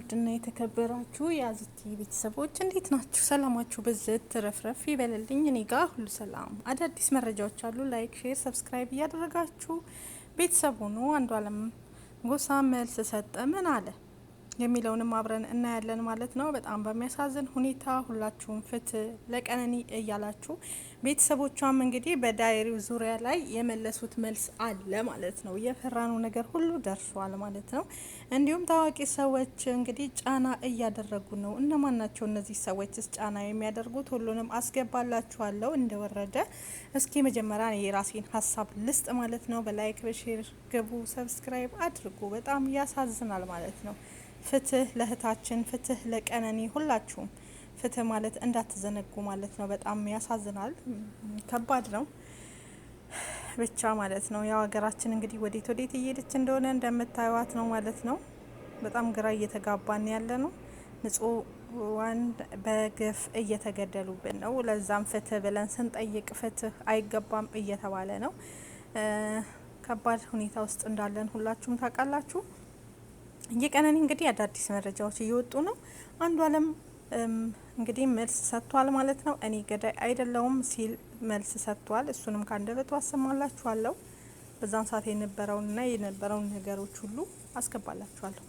ውድና የተከበራችሁ የአዚቲ ቤተሰቦች እንዴት ናችሁ? ሰላማችሁ ብዝት ትረፍረፍ ይበለልኝ። እኔ ጋር ሁሉ ሰላም። አዳዲስ መረጃዎች አሉ። ላይክ፣ ሼር፣ ሰብስክራይብ እያደረጋችሁ ቤተሰብ ሁኑ። አንዷለም ጎሳ መልስ ሰጠ ምን አለ? የሚለውንም አብረን እናያለን ማለት ነው። በጣም በሚያሳዝን ሁኔታ ሁላችሁም ፍትህ ለቀነኒ እያላችሁ ቤተሰቦቿም እንግዲህ በዳይሪው ዙሪያ ላይ የመለሱት መልስ አለ ማለት ነው። የፈራኑ ነገር ሁሉ ደርሷል ማለት ነው። እንዲሁም ታዋቂ ሰዎች እንግዲህ ጫና እያደረጉ ነው። እነማን ናቸው እነዚህ ሰዎችስ ጫና የሚያደርጉት? ሁሉንም አስገባላችኋለሁ እንደወረደ። እስኪ መጀመሪያ የራሴን ሀሳብ ልስጥ ማለት ነው። በላይክ በሼር ግቡ፣ ሰብስክራይብ አድርጉ። በጣም ያሳዝናል ማለት ነው። ፍትህ ለእህታችን፣ ፍትህ ለቀነኒ፣ ሁላችሁም ፍትህ ማለት እንዳትዘነጉ ማለት ነው። በጣም ያሳዝናል፣ ከባድ ነው ብቻ ማለት ነው። ያው ሀገራችን እንግዲህ ወዴት ወዴት እየሄደች እንደሆነ እንደምታዩዋት ነው ማለት ነው። በጣም ግራ እየተጋባን ያለ ነው። ንጹዋን በግፍ እየተገደሉብን ነው። ለዛም ፍትህ ብለን ስንጠይቅ ፍትህ አይገባም እየተባለ ነው። ከባድ ሁኔታ ውስጥ እንዳለን ሁላችሁም ታውቃላችሁ። እየቀነኒ እንግዲህ አዳዲስ መረጃዎች እየወጡ ነው። አንዱ አለም እንግዲህ መልስ ሰጥቷል ማለት ነው። እኔ ገዳይ አይደለውም ሲል መልስ ሰጥቷል። እሱንም ከአንደበቱ አሰማላችኋለሁ። በዛም ሰዓት የነበረውንና የነበረውን ነገሮች ሁሉ አስገባላችኋለሁ።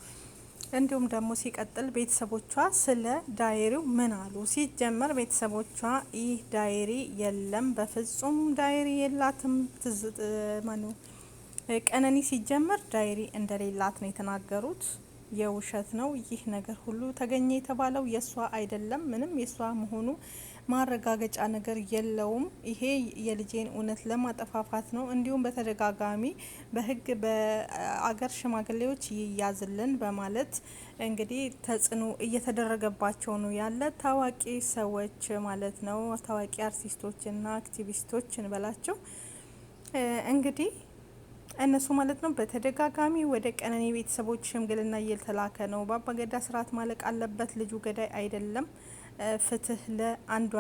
እንዲሁም ደግሞ ሲቀጥል ቤተሰቦቿ ስለ ዳይሪው ምን አሉ? ሲጀመር ቤተሰቦቿ ይህ ዳይሪ የለም፣ በፍጹም ዳይሪ የላትም። ትዝ ማነው ቀነኒ ሲጀመር ዳይሪ እንደሌላት ነው የተናገሩት። የውሸት ነው ይህ ነገር ሁሉ ተገኘ የተባለው የእሷ አይደለም። ምንም የእሷ መሆኑ ማረጋገጫ ነገር የለውም። ይሄ የልጄን እውነት ለማጠፋፋት ነው። እንዲሁም በተደጋጋሚ በህግ በአገር ሽማግሌዎች ይያዝልን በማለት እንግዲህ ተጽዕኖ እየተደረገባቸው ነው ያለ ታዋቂ ሰዎች ማለት ነው ታዋቂ አርቲስቶችና አክቲቪስቶች እንበላቸው እንግዲህ እነሱ ማለት ነው በተደጋጋሚ ወደ ቀነኒ ቤተሰቦች ሽምግልና እየተላከ ነው። በአባገዳ ስርዓት ማለቅ አለበት፣ ልጁ ገዳይ አይደለም፣ ፍትህ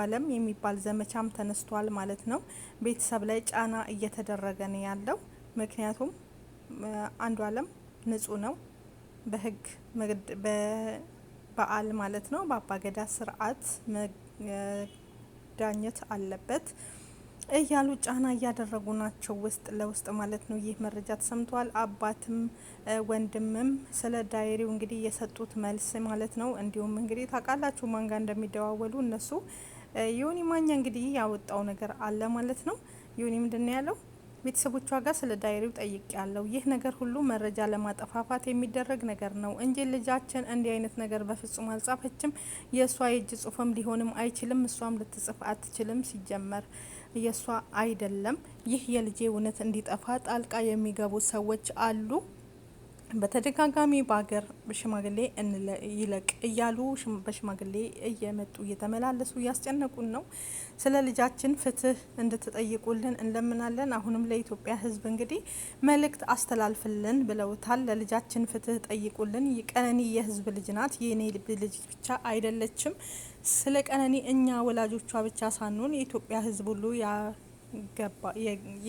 አለም የሚባል ዘመቻም ተነስቷል ማለት ነው። ቤተሰብ ላይ ጫና እየተደረገ ነው ያለው። ምክንያቱም አለም ንጹህ ነው፣ በህግ በበዓል ማለት ነው በአባገዳ ስርዓት መዳኘት አለበት። እያሉ ጫና እያደረጉ ናቸው፣ ውስጥ ለውስጥ ማለት ነው። ይህ መረጃ ተሰምተዋል አባትም ወንድምም ስለ ዳይሪው እንግዲህ የሰጡት መልስ ማለት ነው። እንዲሁም እንግዲህ ታውቃላችሁ ማንጋ እንደሚደዋወሉ እነሱ። ዮኒ ማኛ እንግዲህ ያወጣው ነገር አለ ማለት ነው። ዮኒ ምንድን ነው ያለው? ቤተሰቦቿ ጋር ስለ ዳይሪው ጠይቅ ያለው ይህ ነገር ሁሉ መረጃ ለማጠፋፋት የሚደረግ ነገር ነው እንጂ ልጃችን እንዲህ አይነት ነገር በፍጹም አልጻፈችም። የእሷ የእጅ ጽሁፍም ሊሆንም አይችልም። እሷም ልትጽፍ አትችልም ሲጀመር የእሷ አይደለም። ይህ የልጄ እውነት እንዲጠፋ ጣልቃ የሚገቡ ሰዎች አሉ። በተደጋጋሚ በሀገር ሽማግሌ ይለቅ እያሉ በሽማግሌ እየመጡ እየተመላለሱ እያስጨነቁን ነው። ስለ ልጃችን ፍትህ እንድትጠይቁልን እንለምናለን። አሁንም ለኢትዮጵያ ሕዝብ እንግዲህ መልእክት አስተላልፍልን ብለውታል። ለልጃችን ፍትህ ጠይቁልን። ቀነኒ የሕዝብ ልጅ ናት። የኔ ልጅ ብቻ አይደለችም። ስለ ቀነኒ እኛ ወላጆቿ ብቻ ሳንሆን የኢትዮጵያ ሕዝብ ሁሉ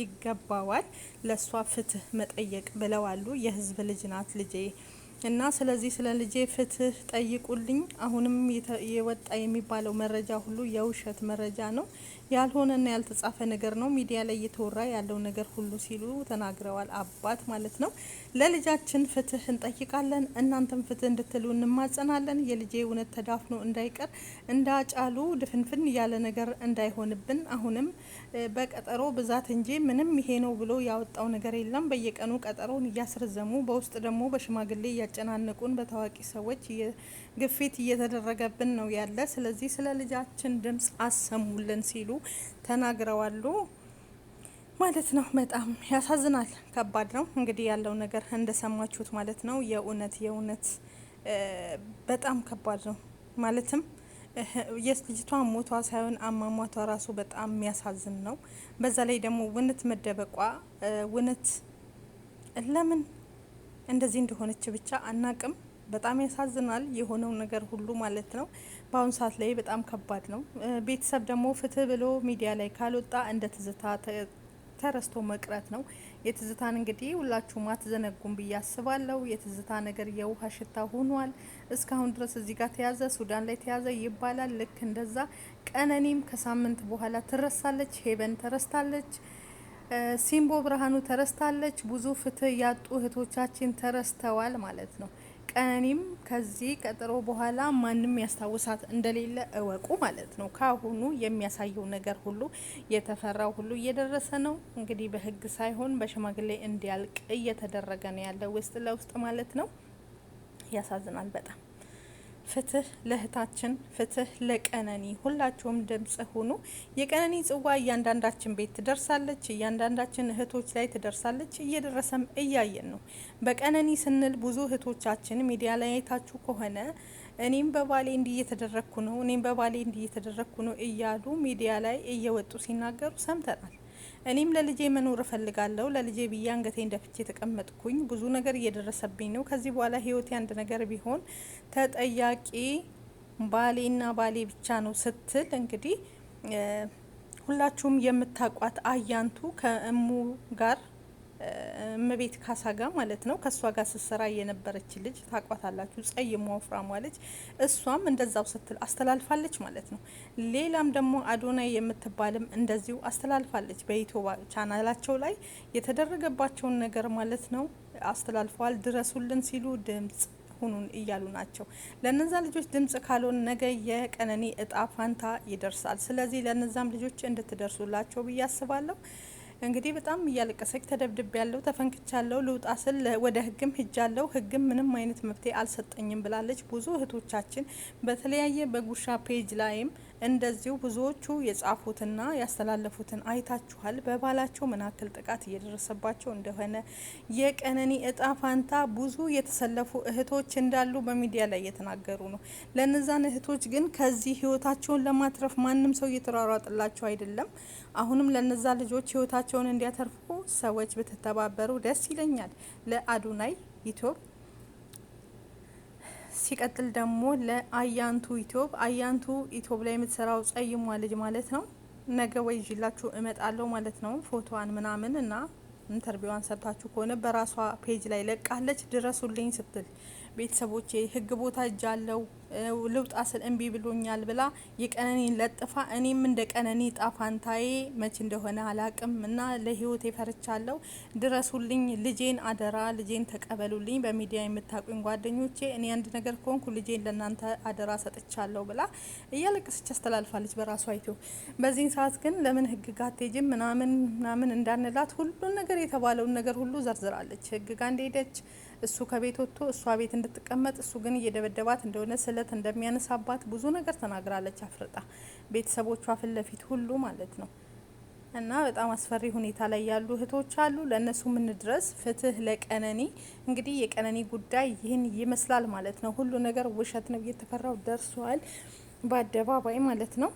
ይገባዋል ለእሷ ፍትህ መጠየቅ ብለው አሉ። የህዝብ ልጅ ናት ልጄ እና ስለዚህ ስለ ልጄ ፍትህ ጠይቁልኝ። አሁንም የወጣ የሚባለው መረጃ ሁሉ የውሸት መረጃ ነው። ያልሆነና ያልተጻፈ ነገር ነው ሚዲያ ላይ እየተወራ ያለው ነገር ሁሉ ሲሉ ተናግረዋል። አባት ማለት ነው። ለልጃችን ፍትህ እንጠይቃለን። እናንተም ፍትህ እንድትሉ እንማጸናለን። የልጄ እውነት ተዳፍኖ እንዳይቀር እንዳጫሉ ድፍንፍን ያለ ነገር እንዳይሆንብን። አሁንም በቀጠሮ ብዛት እንጂ ምንም ይሄ ነው ብሎ ያወጣው ነገር የለም። በየቀኑ ቀጠሮን እያስረዘሙ በውስጥ ደግሞ በሽማግሌ እያጨናነቁን በታዋቂ ሰዎች ግፊት እየተደረገብን ነው ያለ። ስለዚህ ስለ ልጃችን ድምፅ አሰሙልን ሲሉ ተናግረዋሉ ማለት ነው። በጣም ያሳዝናል። ከባድ ነው እንግዲህ ያለው ነገር እንደሰማችሁት ማለት ነው። የእውነት የእውነት በጣም ከባድ ነው ማለትም የልጅቷ ሞቷ ሳይሆን አሟሟቷ ራሱ በጣም የሚያሳዝን ነው። በዛ ላይ ደግሞ ውነት መደበቋ ውነት ለምን እንደዚህ እንደሆነች ብቻ አናቅም። በጣም ያሳዝናል የሆነው ነገር ሁሉ ማለት ነው። በአሁኑ ሰዓት ላይ በጣም ከባድ ነው። ቤተሰብ ደግሞ ፍትህ ብሎ ሚዲያ ላይ ካልወጣ እንደ ትዝታ ተረስቶ መቅረት ነው። የትዝታን እንግዲህ ሁላችሁም አትዘነጉም ብዬ አስባለሁ። የትዝታ ነገር የውሃ ሽታ ሆኗል። እስካሁን ድረስ እዚህ ጋር ተያዘ፣ ሱዳን ላይ ተያዘ ይባላል። ልክ እንደዛ ቀነኒም ከሳምንት በኋላ ትረሳለች፣ ሄበን ተረስታለች፣ ሲምቦ ብርሃኑ ተረስታለች። ብዙ ፍትህ ያጡ እህቶቻችን ተረስተዋል ማለት ነው። ቀነኒም ከዚህ ቀጠሮ በኋላ ማንም ያስታውሳት እንደሌለ እወቁ ማለት ነው። ካሁኑ የሚያሳየው ነገር ሁሉ የተፈራው ሁሉ እየደረሰ ነው። እንግዲህ በህግ ሳይሆን በሽማግሌ እንዲያልቅ እየተደረገ ነው ያለ ውስጥ ለውስጥ ማለት ነው። ያሳዝናል በጣም። ፍትህ ለእህታችን፣ ፍትህ ለቀነኒ፣ ሁላችሁም ድምጽ ሁኑ። የቀነኒ ጽዋ እያንዳንዳችን ቤት ትደርሳለች፣ እያንዳንዳችን እህቶች ላይ ትደርሳለች። እየደረሰም እያየን ነው። በቀነኒ ስንል ብዙ እህቶቻችን ሚዲያ ላይ አይታችሁ ከሆነ እኔም በባሌ እንዲህ እየተደረግኩ ነው፣ እኔም በባሌ እንዲህ እየተደረግኩ ነው እያሉ ሚዲያ ላይ እየወጡ ሲናገሩ ሰምተናል። እኔም ለልጄ መኖር እፈልጋለሁ። ለልጄ ብዬ አንገቴን ደፍቼ የተቀመጥኩኝ፣ ብዙ ነገር እየደረሰብኝ ነው። ከዚህ በኋላ ህይወቴ አንድ ነገር ቢሆን ተጠያቂ ባሌና ባሌ ብቻ ነው ስትል እንግዲህ ሁላችሁም የምታቋት አያንቱ ከእሙ ጋር እመቤት ካሳ ጋር ማለት ነው። ከእሷ ጋር ስትሰራ የነበረች ልጅ ታቋታላችሁ፣ ጸይም ወፍራሟ ልጅ እሷም እንደዛው ስትል አስተላልፋለች ማለት ነው። ሌላም ደግሞ አዶናይ የምትባልም እንደዚሁ አስተላልፋለች። በኢትዮባ ቻናላቸው ላይ የተደረገባቸውን ነገር ማለት ነው አስተላልፈዋል። ድረሱልን ሲሉ ድምጽ ሁኑን እያሉ ናቸው። ለነዛ ልጆች ድምጽ ካልሆን ነገ የቀነኒ እጣ ፋንታ ይደርሳል። ስለዚህ ለነዛም ልጆች እንድትደርሱላቸው ብዬ አስባለሁ። እንግዲህ በጣም እያለቀሰች ተደብድብ ያለው ያለው ልውጣ ስል ወደ ህግም ሂጃለሁ፣ ህግም ምንም አይነት መፍትሄ አልሰጠኝም ብላለች። ብዙ እህቶቻችን በተለያየ በጉሻ ፔጅ ላይም እንደዚሁ ብዙዎቹ የጻፉትና ያስተላለፉትን አይታችኋል። በባላቸው ምን ጥቃት እየደረሰባቸው እንደሆነ የቀነኒ እጣ ፋንታ ብዙ የተሰለፉ እህቶች እንዳሉ በሚዲያ ላይ እየተናገሩ ነው። ለነዛን እህቶች ግን ከዚህ ህይወታቸውን ለማትረፍ ማንም ሰው እየተሯሯጥላቸው አይደለም። አሁንም ለነዛ ልጆች ህይወታቸውን እንዲያተርፉ ሰዎች ብትተባበሩ ደስ ይለኛል። ለአዱናይ ኢትዮፕ ሲቀጥል ደግሞ ለአያንቱ ኢትዮብ አያንቱ ኢትዮብ ላይ የምትሰራው ጸይሟ ልጅ ማለት ነው። ነገ ወይ ይዤላችሁ እመጣለሁ ማለት ነው። ፎቶዋን ምናምን እና ኢንተርቪዋን ሰርታችሁ ከሆነ በራሷ ፔጅ ላይ ለቃለች ድረሱልኝ ስትል ቤተሰቦቼ ህግ ቦታ እጃለው ልውጣ ስል እምቢ ብሎኛል ብላ የቀነኔን ለጥፋ እኔም እንደ ቀነኔ ጣፋንታዬ መች እንደሆነ አላቅም እና ለህይወት የፈርቻለሁ። ድረሱልኝ፣ ልጄን አደራ፣ ልጄን ተቀበሉልኝ። በሚዲያ የምታቁኝ ጓደኞቼ እኔ አንድ ነገር ከሆንኩ ልጄን ለእናንተ አደራ ሰጥቻለሁ ብላ እያለቀሰች አስተላልፋለች በራሷ አይቶ። በዚህን ሰዓት ግን ለምን ህግ ጋ አትሄጂም ምናምን ምናምን እንዳንላት ሁሉን ነገር የተባለውን ነገር ሁሉ ዘርዝራለች። ህግ ጋ እንደሄደች እሱ ከቤት ወጥቶ እሷ ቤት እንድትቀመጥ እሱ ግን እየደበደባት እንደሆነ ስለት እንደሚያነሳባት ብዙ ነገር ተናግራለች። አፍርጣ ቤተሰቦቿ ፊት ለፊት ሁሉ ማለት ነው። እና በጣም አስፈሪ ሁኔታ ላይ ያሉ እህቶች አሉ። ለእነሱ ምን ድረስ ፍትህ ለቀነኒ። እንግዲህ የቀነኒ ጉዳይ ይህን ይመስላል ማለት ነው። ሁሉ ነገር ውሸት ነው እየተፈራው ደርሷል፣ በአደባባይ ማለት ነው።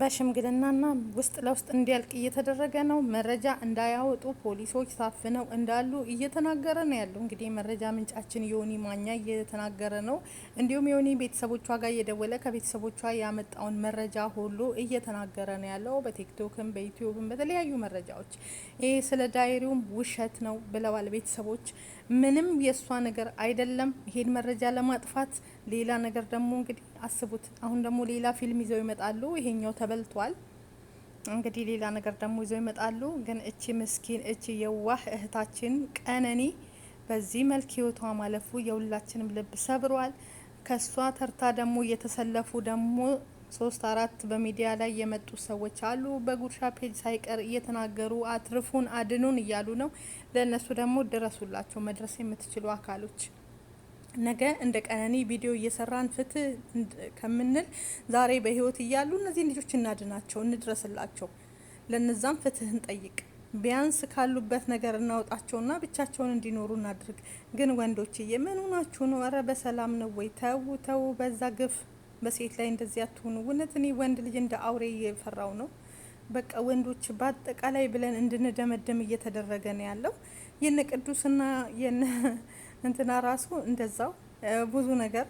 በሽምግልናና ውስጥ ለውስጥ እንዲያልቅ እየተደረገ ነው። መረጃ እንዳያወጡ ፖሊሶች ታፍነው እንዳሉ እየተናገረ ነው ያለው። እንግዲህ መረጃ ምንጫችን ዮኒ ማኛ እየተናገረ ነው። እንዲሁም ዮኒ ቤተሰቦቿ ጋር እየደወለ ከቤተሰቦቿ ያመጣውን መረጃ ሁሉ እየተናገረ ነው ያለው። በቲክቶክም በዩቲዩብም በተለያዩ መረጃዎች ይህ ስለ ዳይሪውም ውሸት ነው ብለዋል ቤተሰቦች። ምንም የእሷ ነገር አይደለም። ይሄን መረጃ ለማጥፋት ሌላ ነገር ደግሞ እንግዲህ አስቡት። አሁን ደግሞ ሌላ ፊልም ይዘው ይመጣሉ። ይሄኛው ተበልቷል። እንግዲህ ሌላ ነገር ደግሞ ይዘው ይመጣሉ። ግን እቺ ምስኪን እቺ የዋህ እህታችን ቀነኒ በዚህ መልክ ህይወቷ ማለፉ የሁላችንም ልብ ሰብሯል። ከሷ ተርታ ደግሞ እየተሰለፉ ደግሞ ሶስት አራት በሚዲያ ላይ የመጡ ሰዎች አሉ። በጉርሻ ፔጅ ሳይቀር እየተናገሩ አትርፉን፣ አድኑን እያሉ ነው። ለእነሱ ደግሞ ድረሱላቸው መድረስ የምትችሉ አካሎች ነገ እንደ ቀነኒ ቪዲዮ እየሰራን ፍትህ ከምንል ዛሬ በህይወት እያሉ እነዚህን ልጆች እናድናቸው፣ እንድረስላቸው፣ ለነዛም ፍትህ እንጠይቅ። ቢያንስ ካሉበት ነገር እናውጣቸውና ብቻቸውን እንዲኖሩ እናድርግ። ግን ወንዶችዬ ምን ሆናችሁ ነው? እረ በሰላም ነው ወይ? ተው ተው፣ በዛ ግፍ በሴት ላይ እንደዚህ አትሆኑ። እውነት እኔ ወንድ ልጅ እንደ አውሬ እየፈራው ነው። በቃ ወንዶች በአጠቃላይ ብለን እንድንደመደም እየተደረገ ነው ያለው የነ ቅዱስና የነ እንትና ራሱ እንደዛው ብዙ ነገር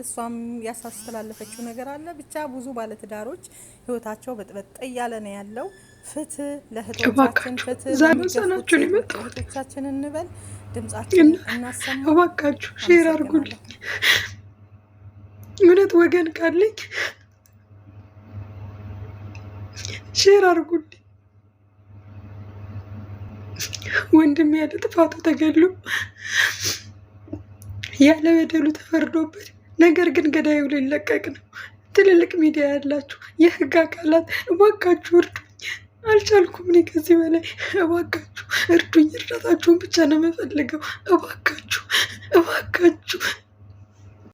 እሷም ያሳስተላለፈችው ነገር አለ። ብቻ ብዙ ባለትዳሮች ህይወታቸው በጥበጥ እያለ ነው ያለው። ፍትህ ለእህቶቻችን፣ ፍትህ ለሚገፉትን እንበል፣ ድምጻችን እናሰማ። እባካችሁ ሼር አድርጉልኝ። እውነት ወገን ካለኝ ሼር አድርጉልኝ። ወንድም ያለ ጥፋቱ ተገሎ ያለ በደሉ ተፈርዶበት ነገር ግን ገዳዩ ሊለቀቅ ነው። ትልልቅ ሚዲያ ያላችሁ የህግ አካላት እባካችሁ እርዱኝ፣ አልቻልኩም። እኔ ከዚህ በላይ እባካችሁ እርዱኝ። እርዳታችሁን ብቻ ነው የምፈልገው። እባካችሁ እባካችሁ